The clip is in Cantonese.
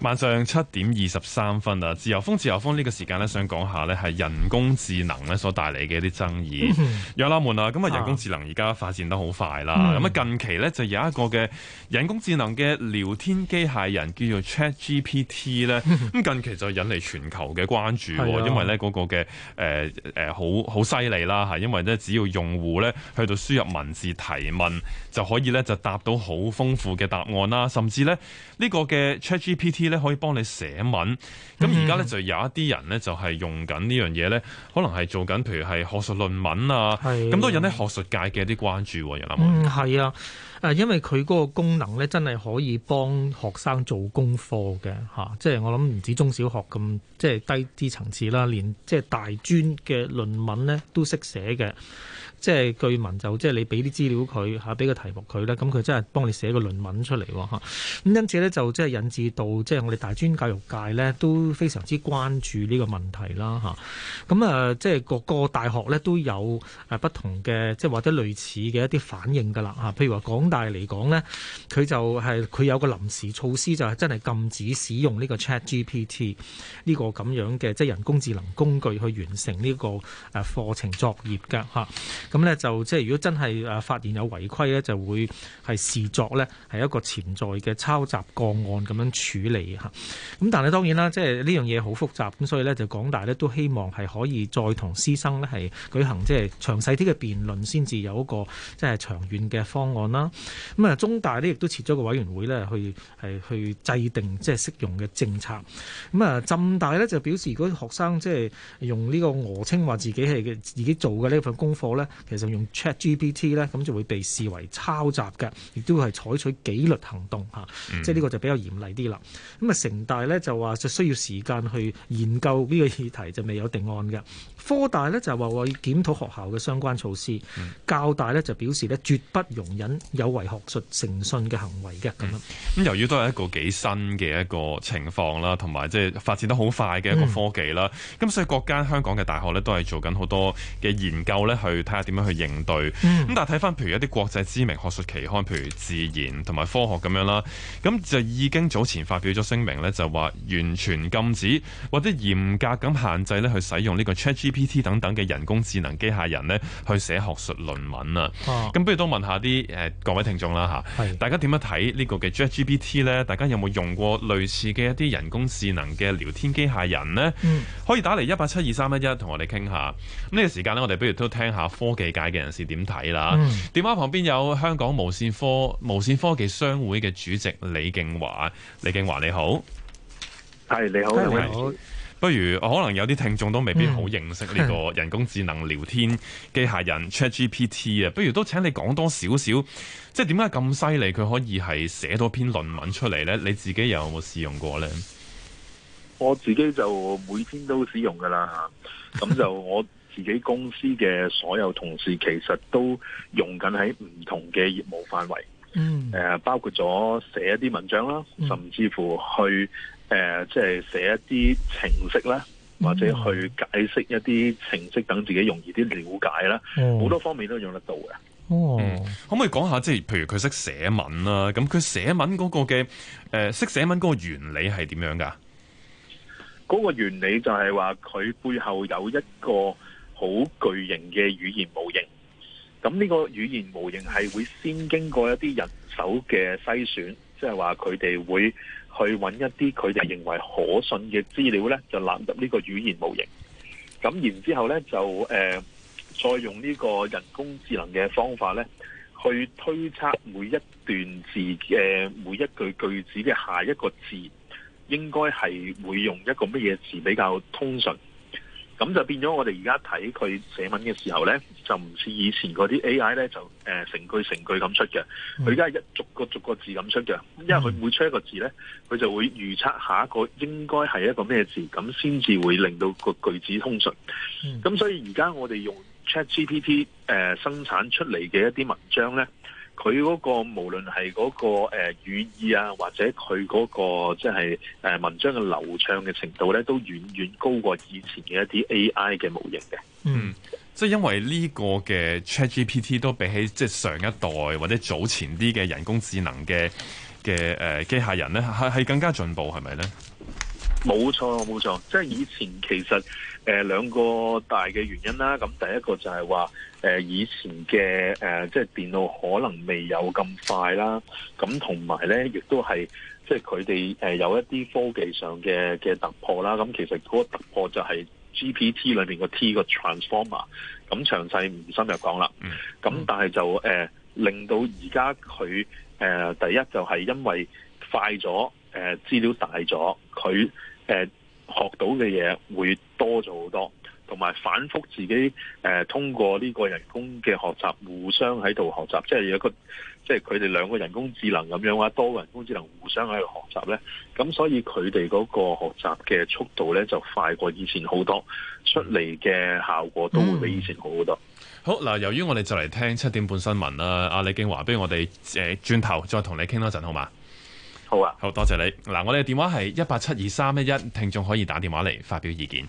晚上七點二十三分啊！自由風自由風呢個時間咧，想講下咧係人工智能咧所帶嚟嘅一啲爭議。有、嗯、啦，門啦，咁啊人工智能而家發展得好快啦。咁、嗯、啊近期咧就有一個嘅人工智能嘅聊天機械人叫做 ChatGPT 咧，咁近期就引嚟全球嘅關注，嗯、因為咧個嘅誒誒好好犀利啦，吓、呃呃、因為咧只要用戶咧去到輸入文字提問就可以咧就答到好豐富嘅答案啦，甚至咧呢個嘅 ChatGPT。咧可以幫你寫文，咁而家咧就有一啲人咧就係用緊呢樣嘢咧，可能係做緊，譬如係學術論文啊，咁都引起學術界嘅一啲關注，有冇？嗯，係啊。誒，因為佢嗰個功能咧，真係可以幫學生做功課嘅嚇，即係我諗唔止中小學咁，即係低啲層次啦，連即係大專嘅論文咧都識寫嘅，即係據聞就即係你俾啲資料佢嚇，俾個題目佢咧，咁佢真係幫你寫個論文出嚟嚇。咁因此咧，就即係引致到即係我哋大專教育界咧都非常之關注呢個問題啦嚇。咁啊，即係各個大學咧都有誒不同嘅，即係或者類似嘅一啲反應㗎啦嚇。譬如話講。大嚟講呢，佢就係、是、佢有個臨時措施，就係真係禁止使用呢個 Chat GPT 呢個咁樣嘅即係人工智能工具去完成呢個誒課程作業㗎吓。咁、啊、呢就即係如果真係誒發現有違規呢，就會係視作呢係一個潛在嘅抄襲個案咁樣處理吓。咁、啊、但係當然啦，即係呢樣嘢好複雜，咁所以呢，就港大呢都希望係可以再同師生呢係舉行即係詳細啲嘅辯論，先至有一個即係長遠嘅方案啦。咁啊，中大呢亦都設咗個委員會呢去係去制定即係適用嘅政策。咁啊，浸大呢就表示，如果學生即係用呢個訛稱話自己係自己做嘅呢份功課呢，其實用 ChatGPT 呢，咁就會被視為抄襲嘅，亦都係採取紀律行動嚇、嗯，即係呢個就比較嚴厲啲啦。咁啊，城大呢就話就需要時間去研究呢個議題，就未有定案嘅。科大呢就話會檢討學校嘅相關措施。教大呢就表示呢絕不容忍有都為學術誠信嘅行為嘅咁樣。咁由於都係一個幾新嘅一個情況啦，同埋即係發展得好快嘅一個科技啦。咁、嗯、所以各間香港嘅大學咧都係做緊好多嘅研究咧，去睇下點樣去應對。咁、嗯、但係睇翻譬如一啲國際知名學術期刊，譬如《自然》同埋《科學》咁樣啦，咁就已經早前發表咗聲明咧，就話完全禁止或者嚴格咁限制咧去使用呢個 ChatGPT 等等嘅人工智能機械人咧去寫學術論文啊。咁不如都問下啲誒各位聽眾啦吓，大家點樣睇呢個嘅 ChatGPT 呢？大家有冇用過類似嘅一啲人工智能嘅聊天機械人咧、嗯？可以打嚟一八七二三一一，同我哋傾下。呢個時間呢，我哋不如都聽下科技界嘅人士點睇啦、嗯。電話旁邊有香港無線科無線科技商會嘅主席李勁華，李勁華你好，係你好。不如，可能有啲聽眾都未必好認識呢個人工智能聊天機械人 ChatGPT 啊。不如都請你講多少少，即係點解咁犀利，佢可以係寫到篇論文出嚟呢？你自己有冇試用過呢？我自己就每天都使用噶啦，咁就我自己公司嘅所有同事其實都用緊喺唔同嘅業務範圍。嗯，誒、呃，包括咗寫一啲文章啦、嗯，甚至乎去誒，即係寫一啲程式啦，或者去解釋一啲程式，等自己容易啲了解啦。好、嗯、多方面都用得到嘅。哦、嗯，可唔可以講下即係，譬如佢識寫文啦，咁佢寫文嗰個嘅誒，識、呃、寫文嗰個原理係點樣噶？嗰、那個原理就係話，佢背後有一個好巨型嘅語言模型。咁呢個語言模型係會先經過一啲人手嘅篩選，即係話佢哋會去揾一啲佢哋認為可信嘅資料呢就納入呢個語言模型。咁然之後呢，就誒再用呢個人工智能嘅方法呢，去推測每一段字嘅每一句句子嘅下一個字，應該係會用一個乜嘢字比較通順？咁就變咗，我哋而家睇佢寫文嘅時候呢，就唔似以前嗰啲 AI 呢，就、呃、成句成句咁出嘅。佢而家係一逐個逐個字咁出嘅，因為佢每出一個字呢，佢就會預測下一個應該係一個咩字，咁先至會令到個句子通順。咁所以而家我哋用 ChatGPT、呃、生產出嚟嘅一啲文章呢。佢嗰個無論係嗰個誒語意啊，或者佢嗰個即係誒文章嘅流暢嘅程度咧，都遠遠高過以前嘅一啲 AI 嘅模型嘅。嗯，即係因為呢個嘅 ChatGPT 都比起即係上一代或者早前啲嘅人工智能嘅嘅誒機械人咧，係係更加進步，係咪咧？冇錯，冇錯，即係以前其實。誒、呃、兩個大嘅原因啦，咁第一個就係話誒以前嘅誒、呃、即係電腦可能未有咁快啦，咁同埋咧亦都係即係佢哋誒有一啲科技上嘅嘅突破啦，咁其實嗰個突破就係 GPT 裏面個 T 個 Transformer，咁詳細唔深入講啦，咁但係就誒、呃、令到而家佢誒第一就係因為快咗，誒、呃、資料大咗，佢誒。呃學到嘅嘢會多咗好多，同埋反復自己，誒、呃，通過呢個人工嘅學習，互相喺度學習，即係有一個，即係佢哋兩個人工智能咁樣話，多個人工智能互相喺度學習咧，咁所以佢哋嗰個學習嘅速度咧就快過以前好多，出嚟嘅效果都會比以前好好多。嗯、好嗱，由於我哋就嚟聽七點半新聞啦，阿李勁華，不如我哋誒轉頭再同你傾多陣好嘛？好啊，好多謝你。嗱，我哋嘅電話係一八七二三一一，聽眾可以打電話嚟，發表意見。